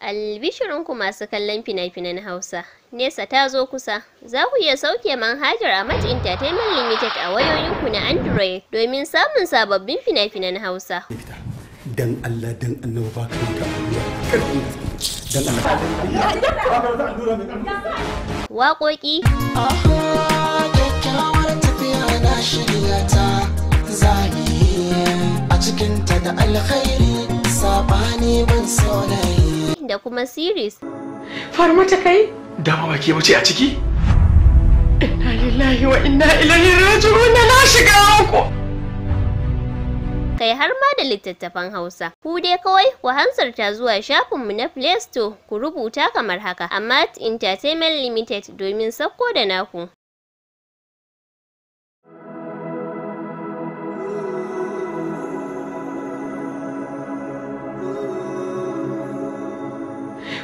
Albishirinku masu kallon fina-finan Hausa, Nesa ta zo kusa, za ku iya sauke manhajar a Amat Entertainment Limited a wayoyinku na Android domin samun sababbin fina-finan Hausa. Dan Allah dan Allah ba ka yi Dan Allah. A cikinta da alkhairi, saɓani ban saurayi. da kuma series. Faru mata kai? Dama ba ke wuce a ciki? Inna lillahi wa inna ilaihi raji'un na shiga ku. Kai har ma da littattafan Hausa. Ku dai kawai ku hansarta zuwa shafin mu na Play Store ku rubuta kamar haka, Amat Entertainment Limited domin sakko da naku.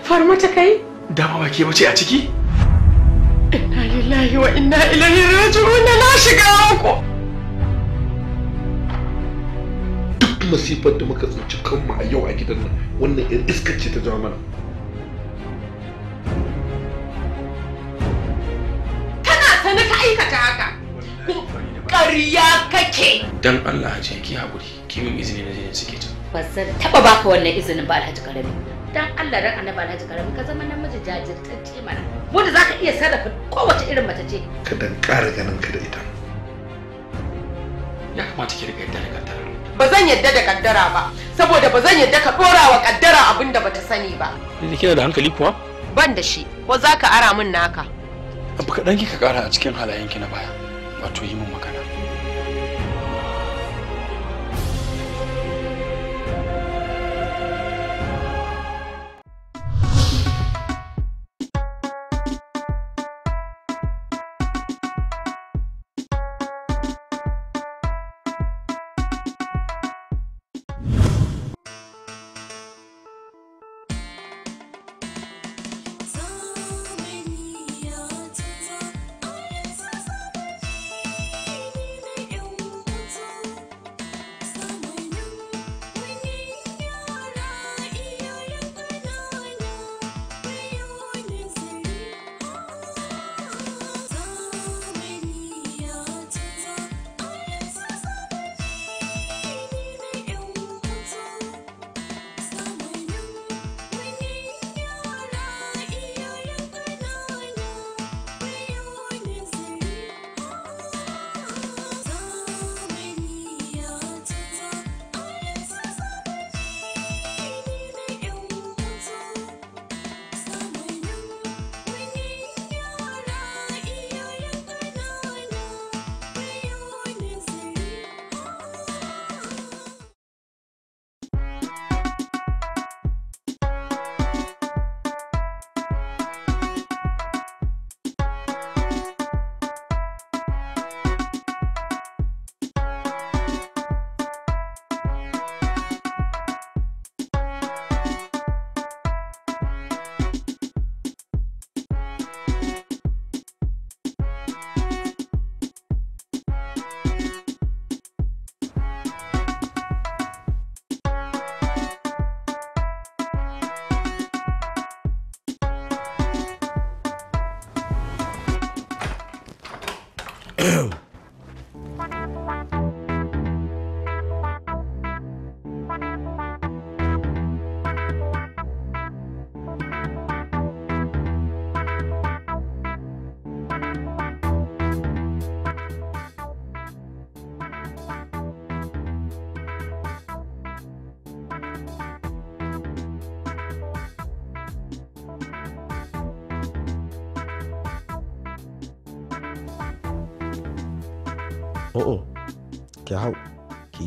farma mata kai? Dama ba ke wace a ciki? Inna lillahi wa inna ilaihi raji'un na shiga uku. Duk masifar da muka tsinci kanmu a yau a gidan nan wannan yar iskar ce ta jawo mana. Kana sani ka aikata haka? Ƙarya kake. Dan Allah ce ki haƙuri, ki min izini na je suke ta. Ba zan taɓa baka wannan izinin ba Alhaji Karami. dan Allah ran annabi Alhaji jikara ka zama namiji jajirtacce mana mu da zaka iya sarrafa kowace irin mace ce ka dan ƙara ganin ka da ita ya kamata ki riga yadda da kaddara ba zan yadda da kaddara ba saboda ba zan yadda ka dora wa kaddara abin da bata sani ba ni kina da hankali kuwa ban da shi ko zaka ara min naka abu ki ka ƙara a cikin halayenki na baya wato yi min magana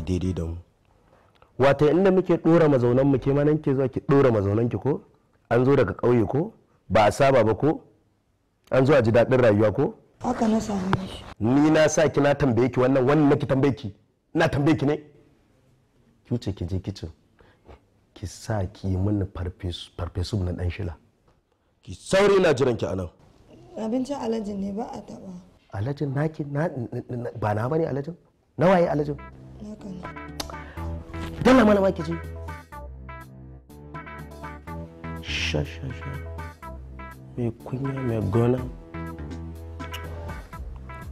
faɗi daidai da mu wata inda muke ɗora mazaunan mu ke manan ke zuwa ki ɗora mazaunan ki ko an zo daga ƙauye ko ba a saba ba ko an zo a ji daɗin rayuwa ko haka na samu shi ni na sa ki na tambaye ki wannan wannan nake tambaye ki na tambaye ki ne ki wuce ki je kicin ki sa ki yi mini farfesu na dan shila ki sauri na jiran ki anan abincin alajin ne ba a taba alajin naki ba na bane alajin nawaye alajin dala mana ki ji sha sha kunya mai gona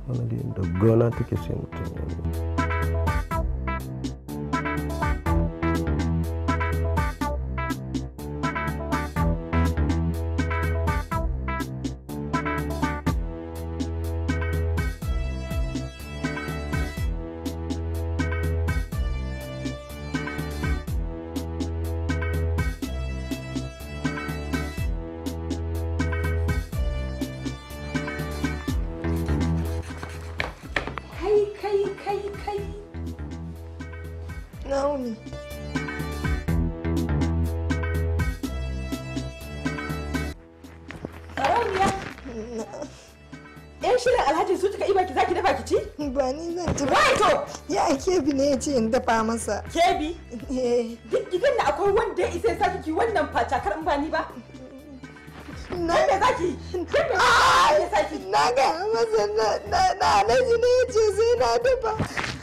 wani da gona take sai mutum ya ba ni zan ci ba to ya kebi ne ya ce in dafa masa kebi eh. duk gidan da akwai wanda ya isa saki ki wannan kar in ba ni ba na me zaki saki. na ga masa na na alaji ne ya ce sai na dafa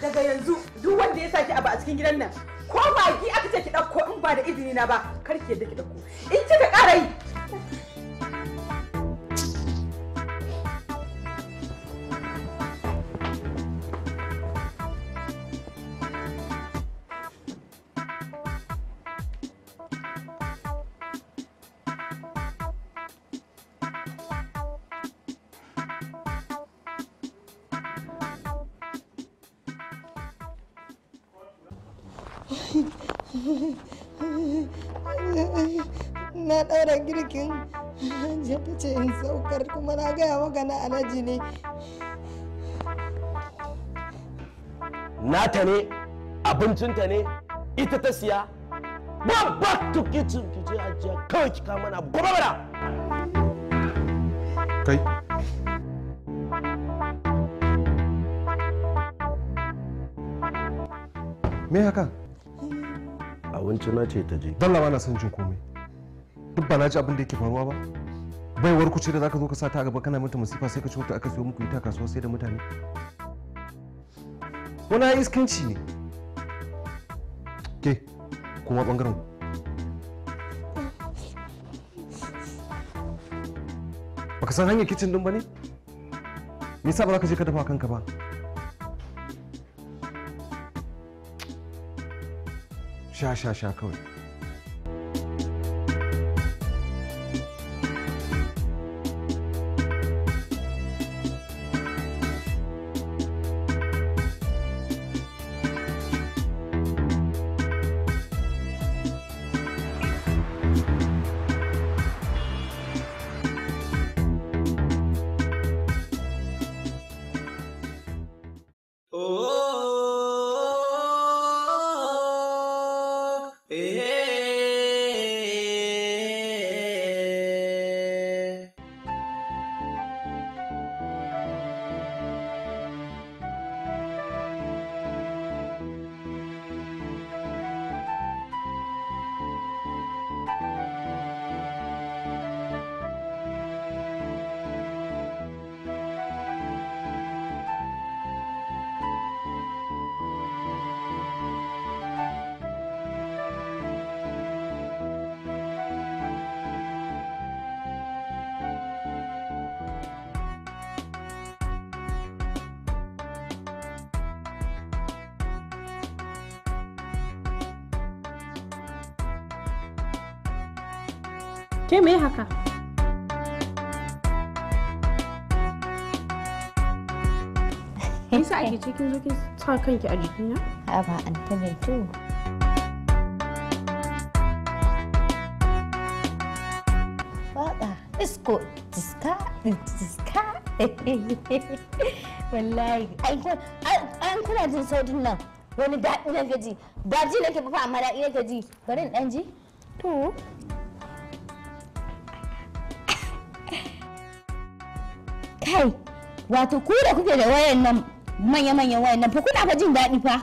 daga yanzu duk wanda ya saki abu a cikin gidan nan ko ki aka ce ki dauko in ba da izini na ba kar ki yadda ki dauko in kika ƙara yi da girkin hajiya ta ce in saukar kuma na gaya maka na alaji ne nata ne abincinta ne ita ta siya ba ba to kitchen ki je ajiya kawai ki kama na gobe mana kai me haka abincin na ce ta je dalla ba na san cin komai duk ba na ji abin da yake faruwa ba baiwar ku ce da zaka zo ka sa ta gaba kana mata masifa sai ka ci aka siyo muku ita kasuwa sai da mutane wani iskanci ne ke kuma bangaren baka san hanyar kicin din ba ne me yasa ba za ka je ka dafa kanka ba sha sha sha kawai ke me haka Isa ake cikin zo kin sa kanki a jikin ya? A ba an tabe to. Baba, isko tiska, tiska. Wallahi an kuna jin sautin nan wani daɗi na gaji. ji nake fa amma daɗi na gaji. Bari in ɗan ji. To. kai wato ku da kuke da wayan nan manya-manyan wayan nan fa kuna fa jin daɗi fa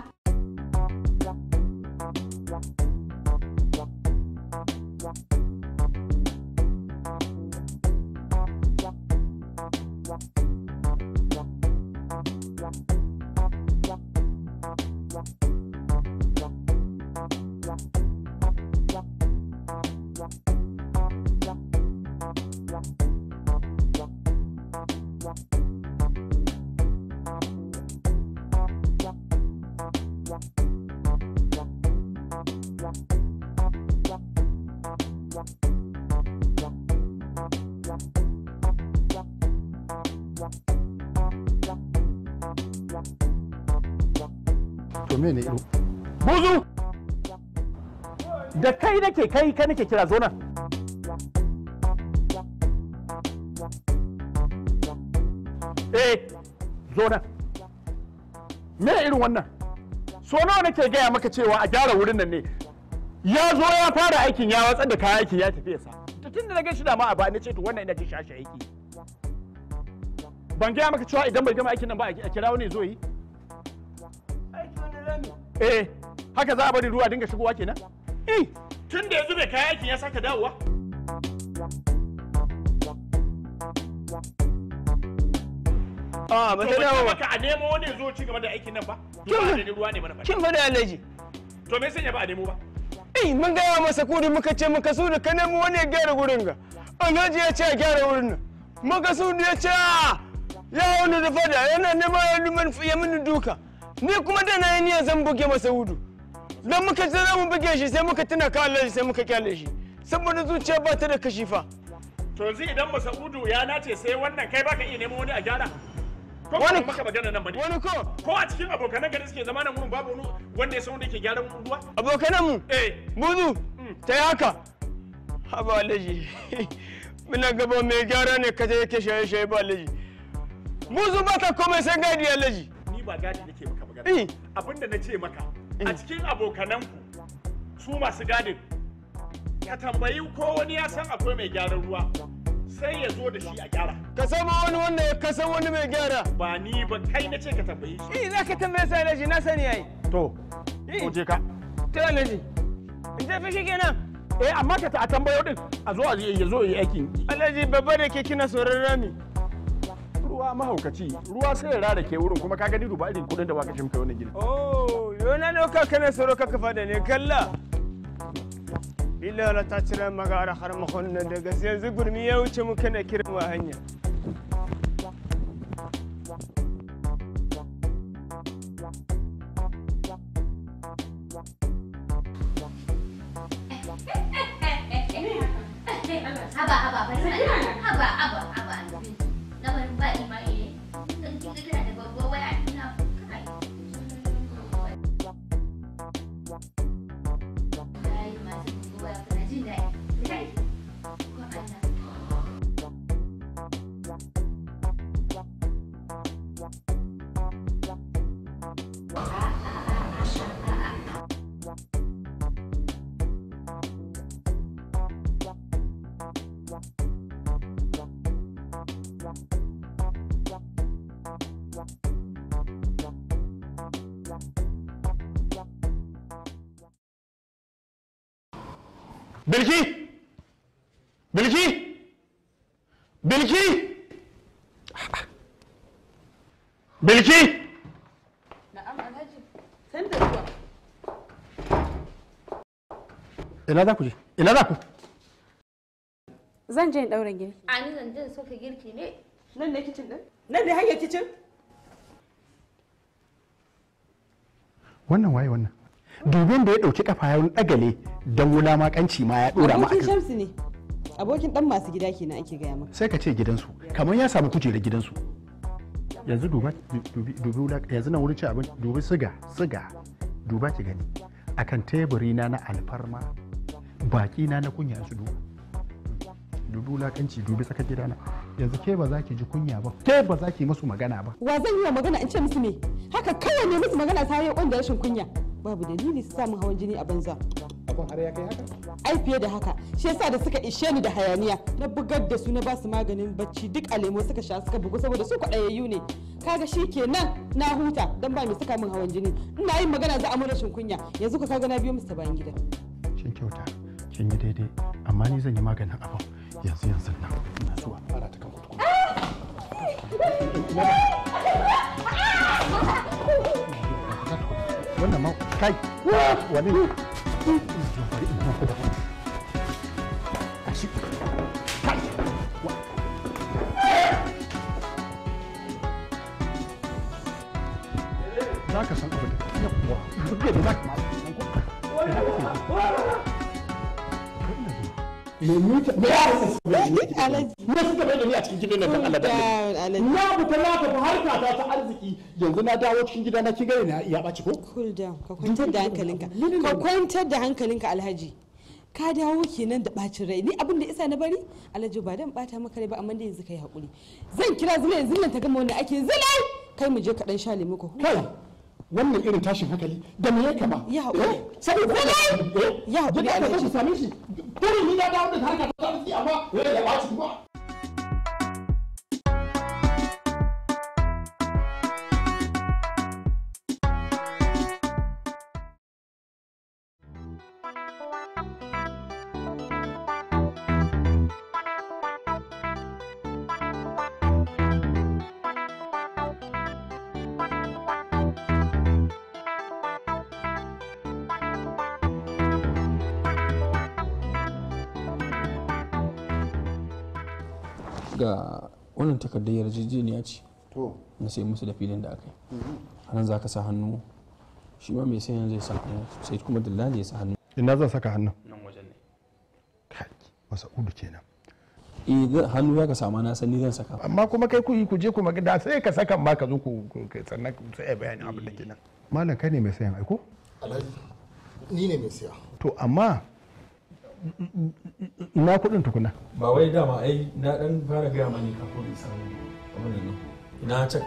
mene ido buzu da kai nake kai ka nake kira zo nan eh zo nan me irin wannan so nawa nake gaya maka cewa a gyara wurin nan ne ya zo ya fara aikin ya watsar da kaya aikin ya tafi ya sa tun da na gan shi da ma a ba ni ce to wannan ina ji shashi aiki ban gaya maka cewa idan bai gama aikin nan ba a kira wani zo yi eh haka za a bari ruwa dinga shigowa kenan eh tun da yanzu bai kaya aikin ya saka dawowa Ah, ba ta dawo ba a nemo wani zo ci gaba da aikin nan ba da ruwa ne mana kin fada alaji to me sanya ba a nemo ba eh mun gaya masa kuri muka ce muka su da ka nemo wani ya gyara gurin ga alhaji ya ce ya gyara wurin nan muka su ya ce ah, ya wani da fada yana nema ya mini duka ni kuma da na yi zan buge masa hudu don muka ce za mu buge shi sai muka tuna kallon sai muka kyale shi saboda zuciya ba ta da kashi fa to yanzu idan hudu ya nace sai wannan kai baka iya neman wani a gyara ko wani maka magana nan bane wani ko ko a cikin abokanan gari suke zama nan gurin babu wani wanda ya san wanda yake gyaran ruwa abokanan mu eh muzu mm. ta haka haba alaji muna gaba mai gyara ne kaje yake shaye shaye ba alaji muzu ba ta komai sai gadi alaji ba gadi nake maka magana eh. abinda na ce maka a eh. cikin abokananku su masu gadin ka tambayi ko wani ya san akwai mai gyaran ruwa sai ya zo da shi a gyara ka ma wani wanda ya kasan wani mai gyara ba ni ba kai na ce ka tambayi shi eh za ka tambaye sai shi na sani yayi to ko eh. je ka to alaji in je fishi kenan eh amma ka ta tambayo din a zo a zo yi aikin alaji babba da ke kina sauraron rami ruwa mahaukaci ruwa sai ya rara ke wurin kuma ka gani duba irin kudin da baka ka wannan gidan oh yona no ka kana soro ka kafa da ne kalla illa la ta cire magara har mahonna da daga yanzu gurmi ya wuce mu kana kiran wa hanya Haba, haba, bari bilki ina za ku je ina za ku zan je in daura girki a ni zan je soka girki ne nan ne kicin din nan ne hanyar kicin wannan waye wannan dubin da ya dauki kafa ya dagale don wula makanci ma ya dora ma abokin shamsu ne abokin dan masu gida kenan ake gaya maka sai ka ce gidansu kamar ya samu kujerar gidansu yanzu duba dubi yanzu nan wurin ci abin dubi siga siga duba ki gani akan teburi na na alfarma baki na na kunya su duba dubi wulakanci dubi tsakar gida na yanzu ke ba za ki ji kunya ba ke ba za ki musu magana ba wa zan yi wa magana in ce musu ne? haka kawai ne musu magana ta yi wanda rashin kunya babu dalili su samun hawan jini a banza abin har kai haka ai fiye da haka shi yasa da suka ishe ni da hayaniya na bugar da su na basu maganin bacci duk a lemo suka sha suka bugu saboda su kwaɗayayyu ne kaga shi ke nan na huta don ba mai saka min hawan jini ina yin magana za a mu kunya yanzu ka kaga na biyo musu bayan gida shin kyauta kin yi daidai amma ni zan yi maganin abin yanzu yanzu nan ina zuwa fara ta kan wannan ma kai wani za ka san abu da yawa duk da me mita me yaro su su bai ne suka da ni a Allah da na fita na tafi harka ta ta arziki yanzu na dawo cikin gida na ki gare na ya baci ko cool down ka kwantar da hankalinka ka kwantar da hankalinka alhaji ka dawo kenan da bacin rai ni abin da isa na bari alhaji ba dan bata maka rai ba amma da yanzu kai hakuri zan kira zule yanzu nan ta gama wanda ake zule kai mu je ka dan sha lemu ko huta wannan irin tashin hankali da me ya eh, kama eh, ya haƙuri saboda ya haƙuri eh, ya haƙuri ya ya ga wannan takardar yarjejeniya ce na sai musu da filin da aka yi mm-hmm. a nan za ka sa hannu shi ma mai sayan zai sa hannu sai kuma ne ya sa hannu ina zan saka hannu nan wajen ne kai masa udu kenan eh hannu ya ka sama na sani zan saka amma kuma kai ku ku je ku da sai ka saka ma ka zo ku sannan sai ai bayanin abin da kenan mm. malam kai ne mai sayan aiko alhaji ni ne mai saya to amma Na kuɗin tukuna ba wai dama ai na ɗan fara gaya mani kafin in samu na nan ina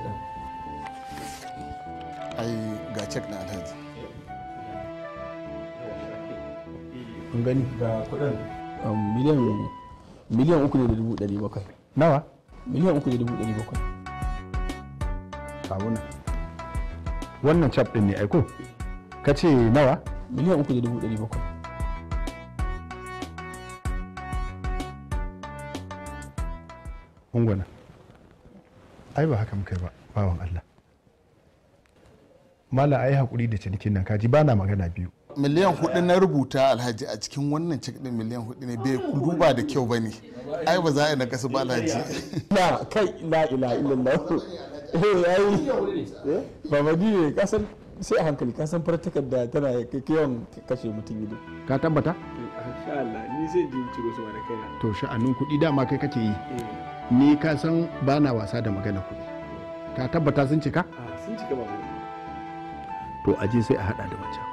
ai ga check na alhaji kun gani ga kuɗin um, miliyan miliyan uku da dubu ɗari bakwai nawa miliyan uku da dubu ɗari bakwai sabuna wannan cap din ne aiko ka ce nawa miliyan uku da dubu ɗari bakwai ungwana ai ba haka muka yi ba bawan Allah mala ai hakuri da cinikin nan kaji bana magana biyu miliyan hudu na rubuta alhaji a cikin wannan cik din miliyan hudu ne bai duba da kyau bane ai ba za a yi na kasu ba alhaji na kai la ila illallah eh ai eh, ba madine kasan sai a hankali kasan fartakar da tana kewan kashe mutum ido ka tabbata eh, Allah ni zai ji ciro su da kaina to sha'anin kuɗi dama kai kake yi eh. ni ka san ba na wasa da magana kuɗi ka tabbata sun cika? Ah, sun cika ba to aje sai a hada da wancan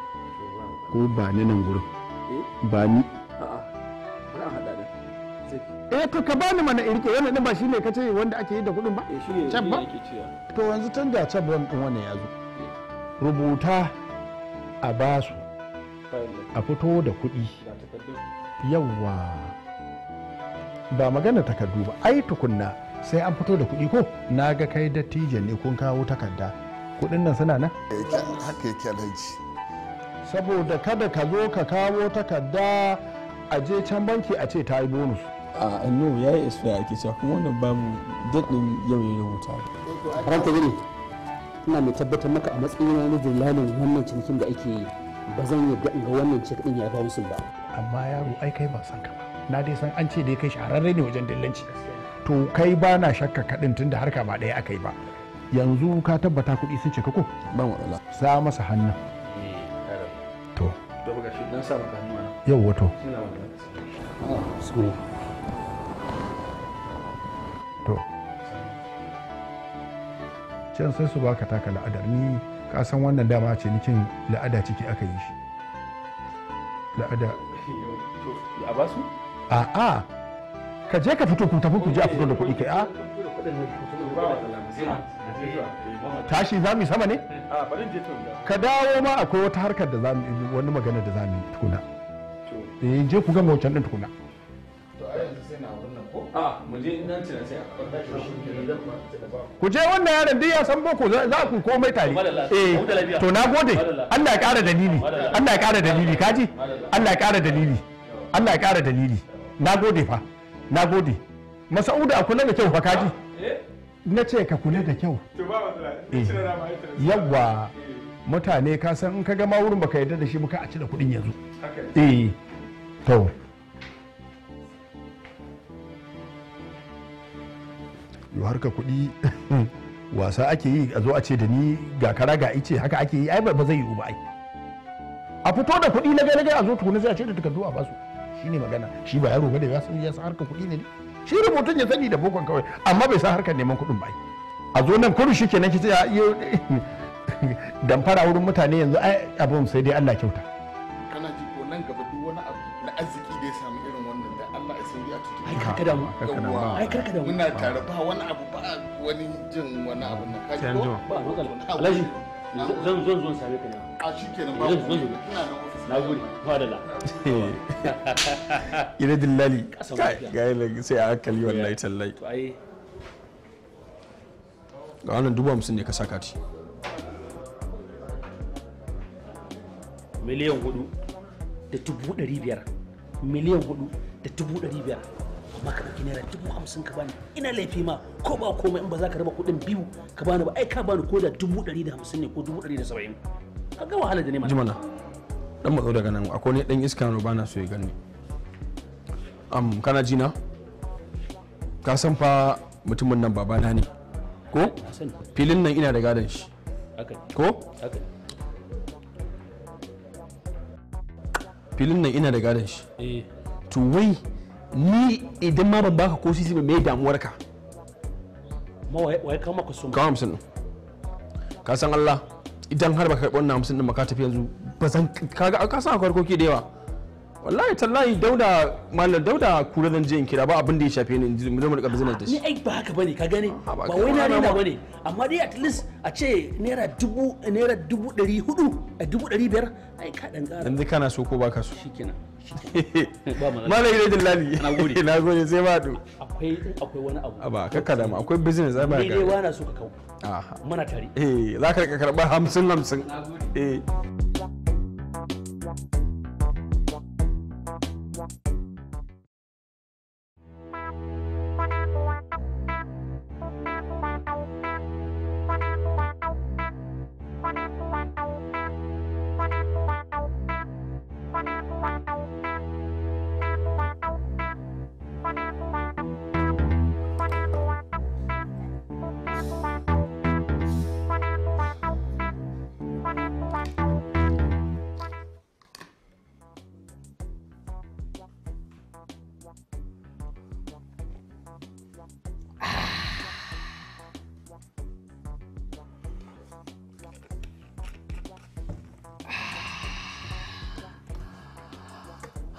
ko ba ni nan gurin eh? ba ni eh to ka bani mana irke wannan din ba shine ka ce wanda ake yi da kuɗin ba eh, Cabba, ba to yanzu tun da cab wannan wannan ya zo eh. rubuta a basu a fito da kuɗi yawwa ba magana takardu ba ai tukunna sai an fito da kuɗi ko na ga kai dattijan ne kun kawo takarda kuɗin nan suna nan haka yake alhaji saboda kada ka zo ka kawo takarda a je can banki a ce ta yi bonus a annu ya yi isfiya ake cewa kuma wannan ba mu daɗin yau ya rubuta ranka gini ina mai tabbatar maka a matsayin na jirlanin wannan cinikin da ake yi ba zan yi daɗin ga wannan cikin ya ba wasu ba amma yaro ai kai ba san ka ba na dai san an ce dai kai shahararre ne wajen dillanci to kai ba na shakka kaɗin da harka ba ɗaya aka yi ba yanzu ka tabbata kuɗi sun cika ko ban wala sa masa hannun to to ga shi dan sa maka hannu yau wato to can sai su baka taka la'adar ni ka san wannan dama ce nikin la'ada ciki aka yi shi la'ada a basu a'a ka je ka fito ku tafi ku je a fito da kuɗi kai a tashi za mu sama ne ka dawo ma akwai wata harkar da za mu wani magana da za mu yi tukuna eh je ku gama wancan din tukuna ku je wannan yaron duk ya san boko za ku komai tare eh to na gode Allah ya kara dalili Allah ya kara dalili kaji Allah ya kara dalili Allah ya kara dalili na gode fa na gode masa'uda a kula da kyau fa kaji eh? na ce ka kula da kyau eh. yawwa eh. mutane ka san in ka gama wurin baka yarda da shi ka a cire kuɗin yanzu eh to yau harka kuɗi wasa ake yi a zo a ce da ni ga kara ga ice haka ake yi ai ba zai yi ba ai a fito da kuɗi na ga a zo tukuna sai a ce da takardu a basu shine magana shi ba yaro bane ya san ya san harkar kuɗi ne shi rubutun ya sani da bokon kawai amma bai san harkar neman kuɗin ba a zo nan kudu shi kenan ki sai dan fara wurin mutane yanzu ai abun sai dai Allah kyauta kana ji ko nan gaba duk wani abu na arziki da ya samu irin wannan da Allah ya sai ya tutu ai karka da mu ai karka da mu muna tare ba wani abu ba wani jin wani abu na kaji ko ba Alhaji zan zan zo same ka na a shikenan ba zan zo ina nan na gode madalla ire dillali ga yi sai a hankali wallahi tallai ga wannan dubu hamsin ne ka saka ci miliyan hudu da dubu dari biyar miliyan hudu da dubu dari biyar amma ka ɗauki naira dubu hamsin ka bani ina laifi ma ko ba komai in ba za ka raba kuɗin biyu ka bani ba ai ka bani ko da dubu dari da hamsin ne ko dubu dari da saba'in ka ga wahala da ne ma jimana dan matso daga nan akwai ne dan iska ba na so ya gani am kana jina ka san fa mutumin nan baba na ne ko filin nan ina da gadon shi ko filin nan ina da gadon shi eh. to wai ni idan ma ban baka ko sisi ba me damuwar ka ma wai ka maka sun ka hamsin ka san Allah idan har baka karɓi wannan hamsin din maka tafi yanzu ba zan kaga a kasan harkoki da yawa wallahi tallahi dauda mallam dauda kura zan je in kira ba abin da ya shafe ni in zama da business da shi ni ba haka bane ka gane ba wai na rena bane amma dai at least a ce naira dubu naira dubu ɗari hudu a dubu ɗari biyar ai ka dan ƙara yanzu kana so ko baka so shikenan mallam ire dillali nagode nagode sai ba du akwai akwai wani abu ba kakka da akwai business ai ba ka dai wani so ka kawo muna tare eh za ka karba 50 50 eh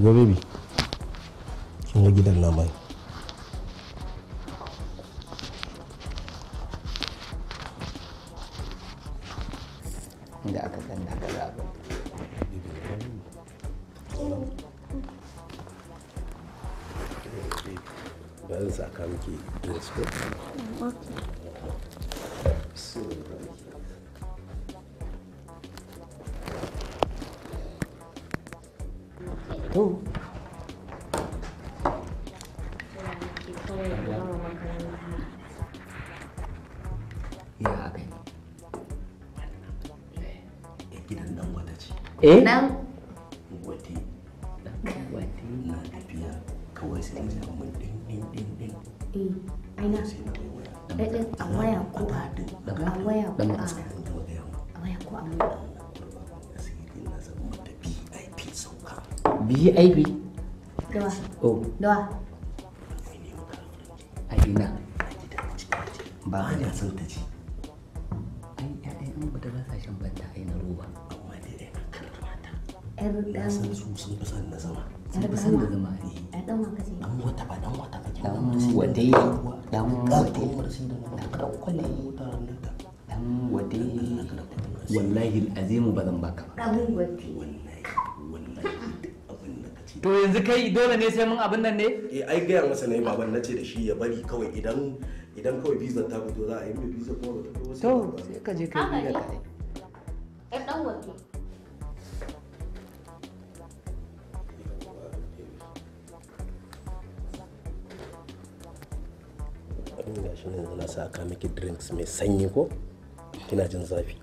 shiga baby ga gidan na da aka san na gaza abin bayan saka dress code mm, to oh. ya eh, gidan ce eh na san su sun fi san na zama sun fi san da zama eh. ne dan wata ba dan wata kake dan wadai dan wato marsi da nan kada kwalle mota nan ta dan wadai wallahi azimu ba zan baka ba dan wadai wallahi wallahi to yanzu kai dole ne sai mun abin nan ne eh ai gaya masa ne baban na ce da shi ya bari kawai idan idan kawai bizar ta fito za a yi mai bizar kuma ba ta fito to sai ka je kai da kai dan dan wato ga shi yanzu na saka miki drinks mai sanyi ko kina jin zafi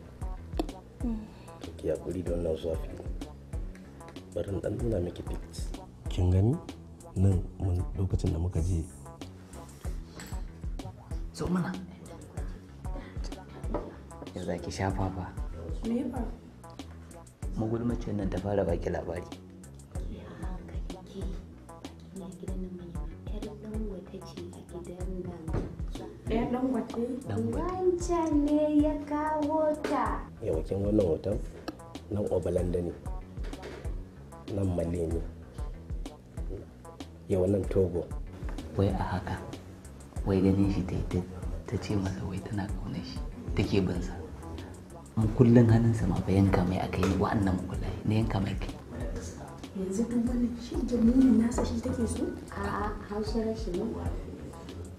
to ki hakuri da wannan zafi bari dan nuna miki pics kin gani nan mun lokacin da muka je zo mana ya za ki shafa ba me ba nan ta fara baki labari gidan nan mai ɗan wata ce a gidan wancan ne ya kawo ta yawakin wannan hoton togo wai a haka wai ganin shi ta ce masa wai tana kaunar shi take bin sa kullun hannunsa ma ba yanka mai aka yi wa'annan mukullai ne yanka mai kai yanzu duk wani shi da nuna nasa shi take so a hausar shi ne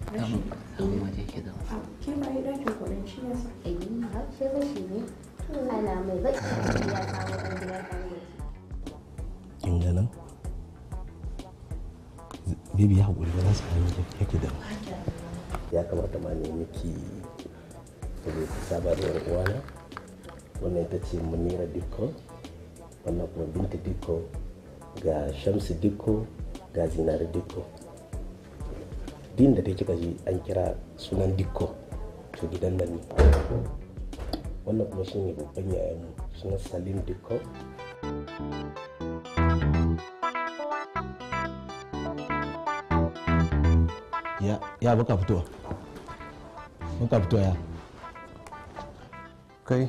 ma yi ne ya eh, inda nan bibi ya haƙuri ba za su hanyar da ya kamata ma ne miki da zai fi sabarwar uwana wannan ita ce munira dikko wannan kuma binta dikko ga shamsu dikko ga zinari dikko din da kika ji an kira sunan dikko to gidan nan ne wannan kuma shine babban yayan sunan salim dikko ya ya baka fitowa baka fitowa ya kai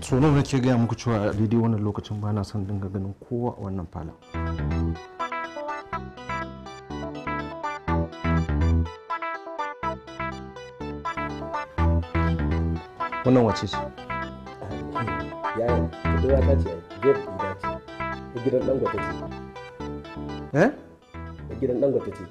so nawa nake gaya muku cewa a daidai wannan lokacin ba na son dinga ganin kowa a wannan falon wannan wace ce yayin kuduwa ta ce gate guda ce ta gidan dangote ce eh ta gidan dangote ce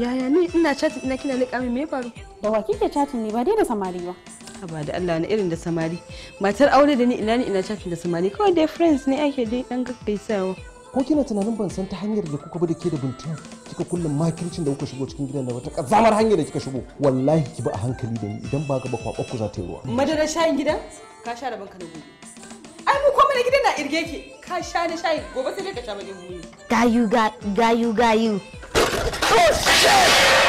yaya ni ina chatin ina kina ne kamin me faru da wa kike chatin ne ba dai da samari ba haba da Allah na irin da samari matar aure da ni ina ni ina chatin da samari kawai dai friends ne ake dai dan gaggaisawa ko kina tunanin ban san ta hanyar da kuka bi da ke da bintu. kika kullum makincin da kuka shigo cikin gidan da wata kazamar hanyar da kika shigo wallahi ki ba a hankali da ni idan ba ba kwakwar ku za ta yi ruwa madarar shayin gidan ka sha da ka na gobe ai mu kuma na gidan na irge ki ka sha na shayi gobe sai ka sha bajin gayu gayu gayu oh shit